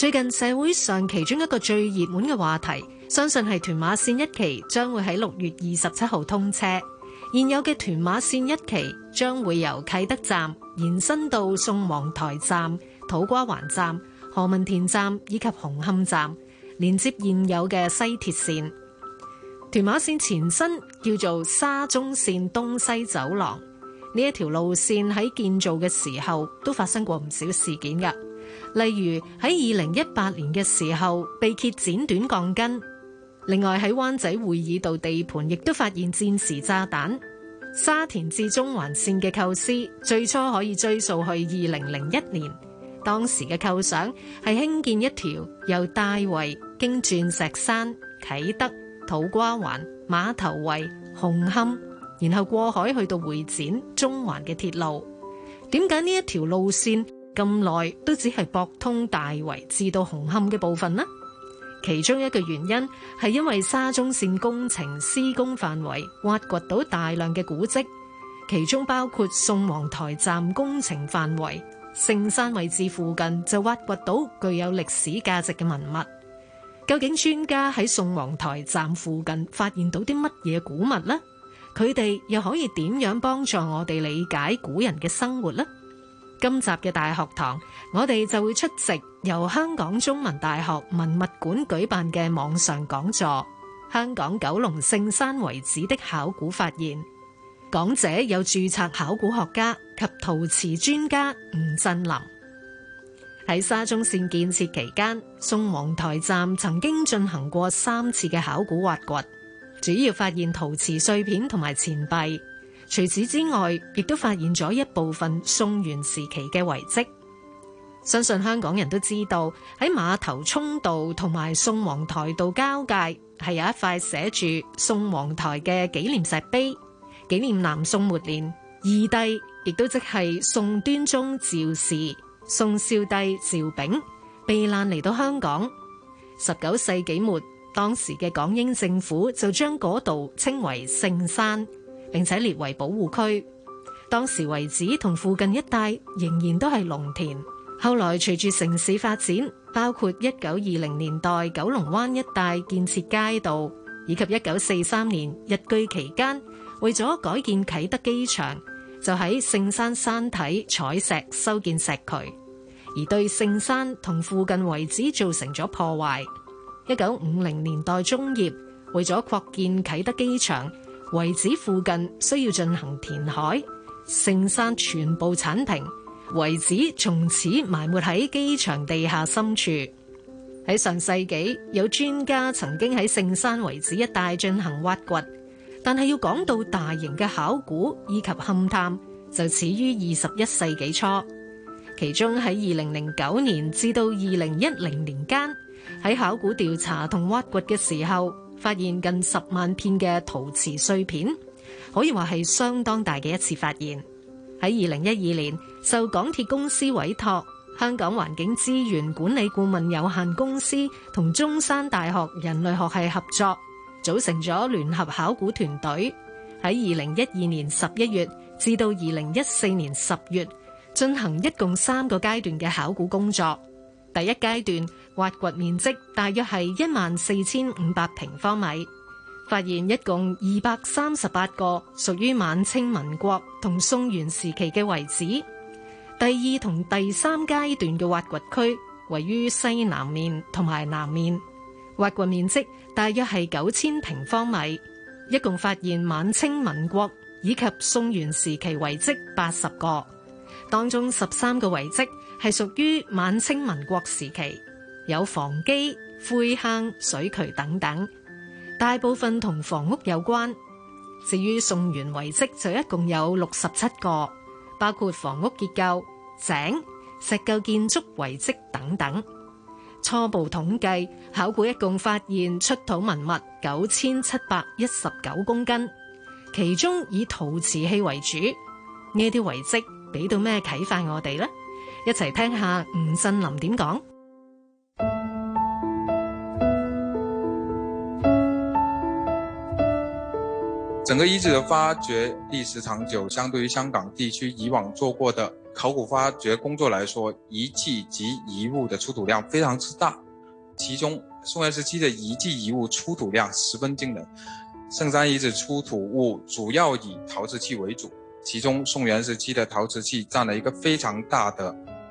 最近社會上其中一個最熱門嘅話題，相信係屯馬線一期將會喺六月二十七號通車。現有嘅屯馬線一期將會由啟德站延伸到宋王台站、土瓜灣站、何文田站以及紅磡站，連接現有嘅西鐵線。屯馬線前身叫做沙中線東西走廊，呢一條路線喺建造嘅時候都發生過唔少事件㗎。例如喺二零一八年嘅時候被揭剪短鋼筋，另外喺灣仔會議度地盤亦都發現戰時炸彈。沙田至中環綫嘅構思最初可以追溯去二零零一年，當時嘅構想係興建一條由大圍經鑽石山、啟德、土瓜灣、馬頭圍、紅磡，然後過海去到會展、中環嘅鐵路。點解呢一條路線？咁耐都只係博通大圍至到紅磡嘅部分啦。其中一個原因係因為沙中線工程施工範圍挖掘到大量嘅古蹟，其中包括宋皇台站工程範圍聖山位置附近就挖掘到具有歷史價值嘅文物。究竟專家喺宋皇台站附近發現到啲乜嘢古物呢？佢哋又可以點樣幫助我哋理解古人嘅生活呢？今集嘅大學堂，我哋就會出席由香港中文大學文物館舉辦嘅網上講座《香港九龍聖山遺址的考古發現》。講者有註冊考古學家及陶瓷專家吳震霖。喺沙中線建設期間，宋皇台站曾經進行過三次嘅考古挖掘，主要發現陶瓷碎片同埋錢幣。除此之外，亦都發現咗一部分宋元時期嘅遺跡。相信香港人都知道喺馬頭涌道同埋宋皇台道交界係有一塊寫住宋皇台嘅紀念石碑，紀念南宋末年二帝，亦都即係宋端宗趙昰、宋少帝趙昺避難嚟到香港。十九世紀末，當時嘅港英政府就將嗰度稱為聖山。並且列為保護區。當時遺址同附近一帶仍然都係農田。後來隨住城市發展，包括一九二零年代九龍灣一帶建設街道，以及一九四三年日據期間，為咗改建啟德機場，就喺聖山山體採石修建石渠，而對聖山同附近遺址造成咗破壞。一九五零年代中葉，為咗擴建啟德機場。遺址附近需要進行填海，聖山全部鏟平，遺址從此埋沒喺機場地下深處。喺上世紀，有專家曾經喺聖山遺址一帶進行挖掘，但係要講到大型嘅考古以及勘探，就始於二十一世紀初。其中喺二零零九年至到二零一零年間，喺考古調查同挖掘嘅時候。發現近十萬片嘅陶瓷碎片，可以話係相當大嘅一次發現。喺二零一二年，受港鐵公司委託，香港環境資源管理顧問有限公司同中山大學人類學系合作，組成咗聯合考古團隊。喺二零一二年十一月至到二零一四年十月，進行一共三個階段嘅考古工作。第一階段挖掘面積大約係一萬四千五百平方米，發現一共二百三十八個屬於晚清民國同宋元時期嘅遺址。第二同第三階段嘅挖掘區位於西南面同埋南面，挖掘面積大約係九千平方米，一共發現晚清民國以及宋元時期遺跡八十個，當中十三個遺跡。係屬於晚清民國時期，有房基、灰坑、水渠等等，大部分同房屋有關。至於宋元遺迹就一共有六十七個，包括房屋結構、井、石構建築遺迹等等。初步統計，考古一共發現出土文物九千七百一十九公斤，其中以陶瓷器為主。呢啲遺迹俾到咩啟發我哋呢？一齊聽下吳震霖點講。整個遺址的發掘歷史長久，相對於香港地區以往做過的考古發掘工作來說，遺跡及遺物的出土量非常之大。其中宋元時期的遺跡遺物出土量十分驚人。聖山遺址出土物主要以陶瓷器為主，其中宋元時期的陶瓷器佔了一個非常大的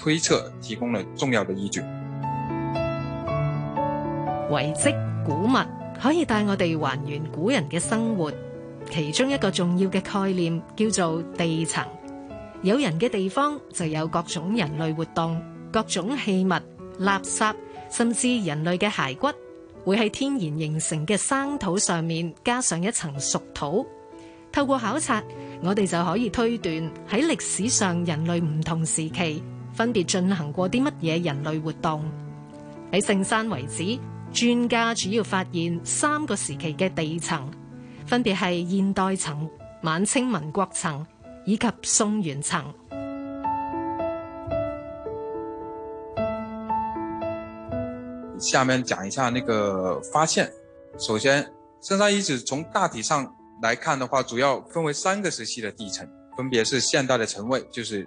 推測提供了重要的依據。遺跡古物可以帶我哋還原古人嘅生活，其中一個重要嘅概念叫做地層。有人嘅地方就有各種人類活動、各種器物、垃圾，甚至人類嘅骸骨，會喺天然形成嘅生土上面加上一層熟土。透過考察，我哋就可以推斷喺歷史上人類唔同時期。分別進行過啲乜嘢人類活動？喺聖山遺址，專家主要發現三個時期嘅地層，分別係現代層、晚清民國層以及宋元層。下面講一下那個發現。首先，聖山遺址從大體上來看的話，主要分為三個時期的地層，分別是現代的層位，就是。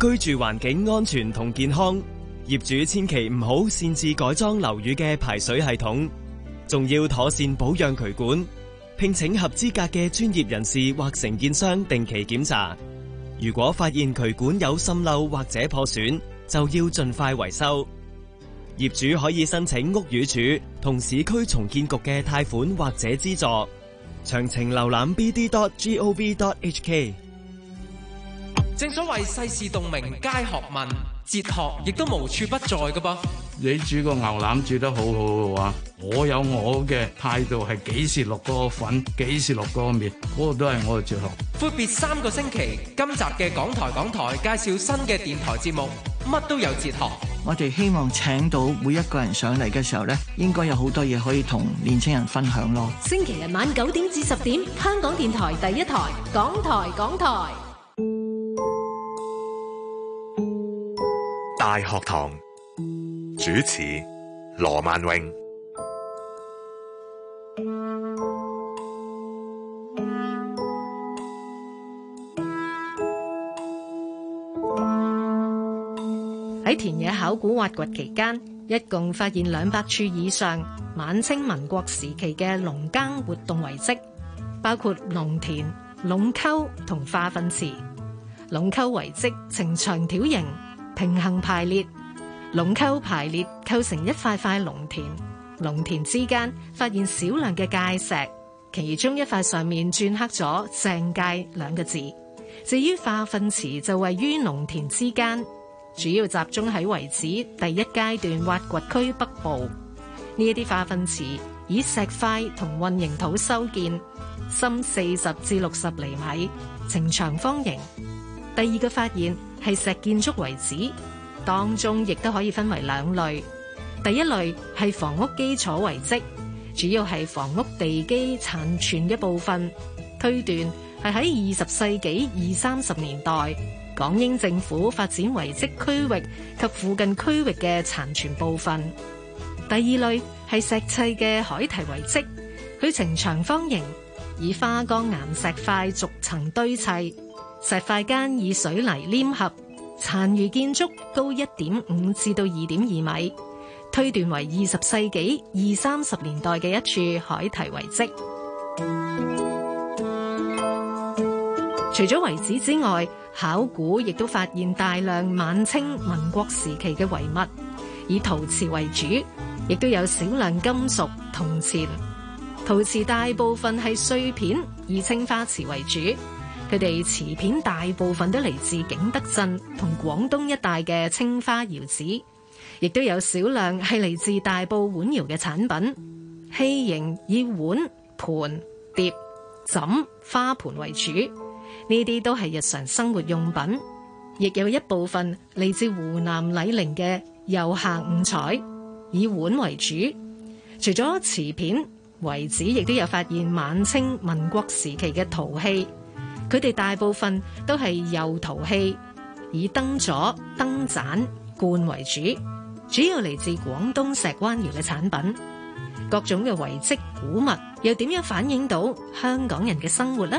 居住環境安全同健康，業主千祈唔好擅自改裝樓宇嘅排水系統，仲要妥善保養渠管，聘請合資格嘅專業人士或承建商定期檢查。如果發現渠管有滲漏或者破損，就要盡快維修。業主可以申請屋宇署同市區重建局嘅貸款或者資助。詳情瀏覽 bd.gov.hk。正所謂世事洞明皆學問，哲學亦都無處不在㗎噃。你煮個牛腩煮得好好嘅話，我有我嘅態度，係幾時落個粉，幾時落嗰個麵，嗰個都係我嘅哲學。闊別三個星期，今集嘅港台港台，介紹新嘅電台節目，乜都有哲學。我哋希望請到每一個人上嚟嘅時候呢，應該有好多嘢可以同年青人分享咯。星期日晚九點至十點，香港電台第一台港台港台。港台大學堂主持羅萬榮喺田野考古挖掘期間，一共發現兩百處以上晚清民國時期嘅農耕活動遺跡，包括農田、壟溝同化糞池。壟溝遺跡呈長條形。平行排列，壟溝排列構成一塊塊農田，農田之間發現少量嘅界石，其中一塊上面篆刻咗正界兩個字。至於化糞池就位於農田之間，主要集中喺遺址第一階段挖掘區北部。呢一啲化糞池以石塊同混凝土修建，深四十至六十厘米，呈長方形。第二個發現。係石建築遺址，當中亦都可以分為兩類。第一類係房屋基礎遺跡，主要係房屋地基殘存嘅部分，推斷係喺二十世紀二三十年代港英政府發展遺跡區域及附近區域嘅殘存部分。第二類係石砌嘅海堤遺跡，佢呈長方形，以花崗岩石塊逐層堆砌。石塊間以水泥黏合，殘餘建築高一點五至到二點二米，推斷為二十世紀二三十年代嘅一處海堤遺跡。 除咗遺址之外，考古亦都發現大量晚清、民國時期嘅遺物，以陶瓷為主，亦都有少量金屬銅錢。陶瓷大部分係碎片，以青花瓷為主。佢哋瓷片大部分都嚟自景德鎮同廣東一帶嘅青花窯址，亦都有少量係嚟自大埔碗窯嘅產品。器型以碗、盤、碟、枕、花盆為主，呢啲都係日常生活用品。亦有一部分嚟自湖南醴陵嘅釉下五彩，以碗為主。除咗瓷片、為止亦都有發現晚清、民國時期嘅陶器。佢哋大部分都係釉陶器，以燈座、燈盞、罐為主，主要嚟自廣東石灣窯嘅產品。各種嘅遺跡古物又點樣反映到香港人嘅生活呢？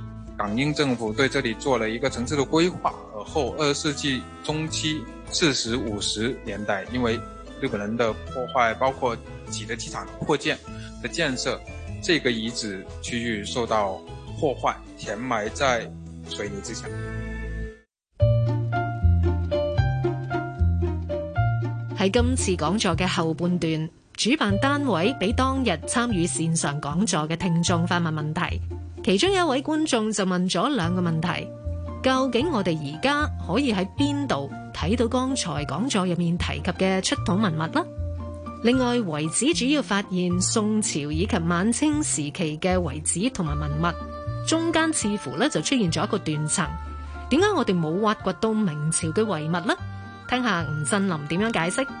港英政府對這裏做了一個層次的規劃，而後二十世紀中期四十五十年代，因為日本人的破壞，包括幾個機場擴建的建設，這個遺址區域受到破壞，填埋在水泥之下。喺今次講座嘅後半段，主辦單位俾當日參與線上講座嘅聽眾發問問題。其中有一位觀眾就問咗兩個問題：究竟我哋而家可以喺邊度睇到剛才講座入面提及嘅出土文物呢？另外，遺址主要發現宋朝以及晚清時期嘅遺址同埋文物，中間似乎咧就出現咗一個斷層，點解我哋冇挖掘到明朝嘅遺物呢？聽下吳震霖點樣解釋。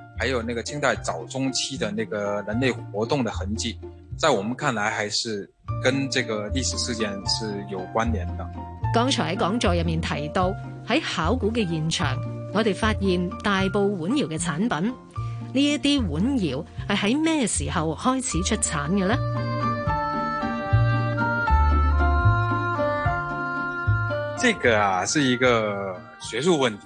還有那個清代早中期的那個人類活動的痕跡，在我們看來還是跟這個歷史事件是有關聯的。剛才喺講座入面提到，喺考古嘅現場，我哋發現大埔碗窯嘅產品，呢一啲碗窯係喺咩時候開始出產嘅呢？這個啊，是一個學術問題。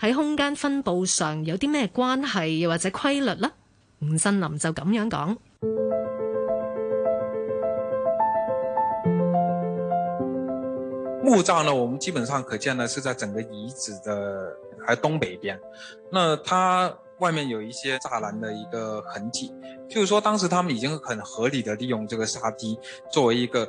喺空間分佈上有啲咩關係，又或者規律呢？吳震霖就咁樣講。墓葬呢，我們基本上可見呢，是在整個遺址的喺東北邊。那它外面有一些柵欄的一個痕跡，就是說當時他們已經很合理的利用這個沙堤作為一個。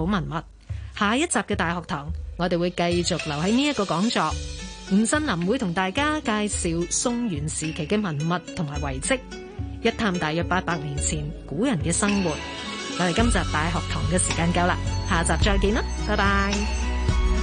古文物，下一集嘅大學堂，我哋會繼續留喺呢一個講座。吳震霖會同大家介紹宋元時期嘅文物同埋遺跡，一探大約八百年前古人嘅生活。我哋今集大學堂嘅時間夠啦，下集再見啦，拜拜。